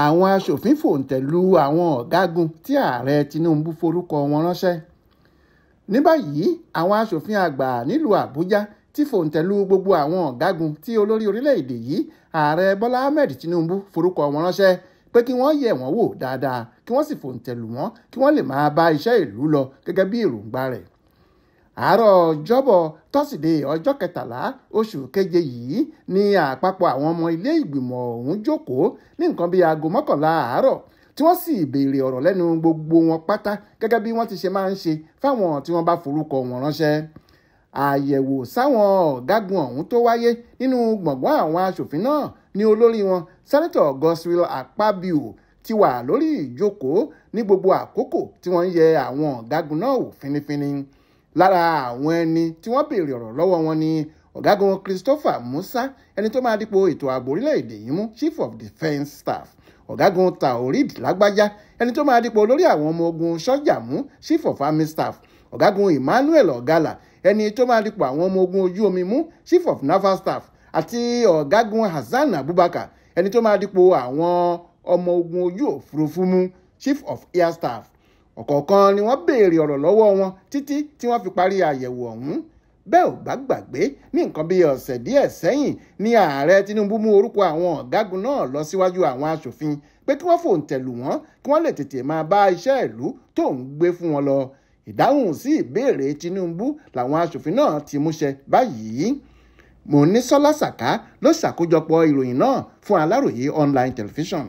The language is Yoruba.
àwọn aṣòfin fòǹtẹ̀ lu àwọn ọ̀gágun tí ààrẹ Tinubu forúkọ wọn ránṣẹ́ ní báyìí àwọn aṣòfin àgbà nílùú Àbújá ti fòǹtẹ̀ lu gbogbo àwọn ọ̀gágun tí olórí orílẹ̀-èdè yìí ààrẹ Bọ́lá Ahmed Tinubu forúkọ wọn ránṣẹ́ pé kí wọ́n yẹ̀ wọ́n wò dáadáa kí wọ́n sì fòǹtẹ̀ lù wọ́n kí wọ́n lè máa bá iṣẹ́ ìlú lọ gẹ́gẹ́ bí èròǹgbà rẹ̀ àárọ̀ ọjọ́bọ̀ tọ́sídẹ̀ẹ́ ọjọ́ kẹtàlá oṣù keje yìí ni àpapọ̀ àwọn ọmọ ilé ìgbìmọ̀ ọ̀hún jókòó ní nǹkan bíi aago mọ́kànlá àárọ̀ tí wọ́n sì béèrè ọ̀rọ̀ lẹ́nu gbogbo wọn pátá gẹ́gẹ́ bí wọ́n ti ṣe máa ń ṣe fáwọn tí wọ́n bá forúkọ wọn ránṣẹ́ àyẹ̀wò sáwọn ọ̀gágun ọ̀hún tó wáyé nínú gbọ̀ngàn àwọn aṣòfin náà ni olórí wọn sẹ́nẹ́tọ̀ Godswill Akpabio ti wà lórí ìjókòó ní gbogbo àkókò tí wọ́n ń yẹ àwọn ọ̀gágun náà wò finifini lára àwọn ẹni tí wọ́n béèrè ọ̀rọ̀ lọ́wọ́ wọn ni ọ̀gágun Christopher Musa ẹni tó máa dípò ètò ààbò orílẹ̀-èdè yìí mú Chief of Defence Staff ọ̀gágun Taoreed Lágbájá ẹni tó máa dípò olórí àwọn ọmọ ogun sọ́jà mú Chief of Army Staff ọ̀gágun Emmanuel Ogala ẹni tó máa dípò àwọn ọmọ ogun ojú omi mú Chief of Naval Staff àti ọ̀gágun Hasan Abubakar ẹni tó máa dípò àwọn ọmọ ogun ojú òfurufú mú Chief of Air Staff ọ̀kọ̀ọ̀kan ni wọ́n béèrè ọ̀rọ̀ lọ́wọ́ wọn títí tí wọ́n fi parí àyẹ̀wò ọ̀hún bẹ́ẹ̀ ò bá gbàgbé ní nǹkan bíi ọ̀sẹ̀ díẹ̀ sẹ́yìn ni ààrẹ Tinubu mú orúkọ àwọn ọ̀gágun náà lọ síwájú àwọn aṣòfin pé kí wọ́n fòǹtẹ̀ lù wọ́n kí wọ́n lè tètè máa bá iṣẹ́ ìlú tó ń gbé fún wọn lọ ìdáhùn sí ìbéèrè Tinubu làwọn aṣòfin náà ti múṣẹ báyìí Mọ́nísọ́lá Sàká ló ṣàkójọpọ̀ ìròyìn náà fún Aláròyé online television.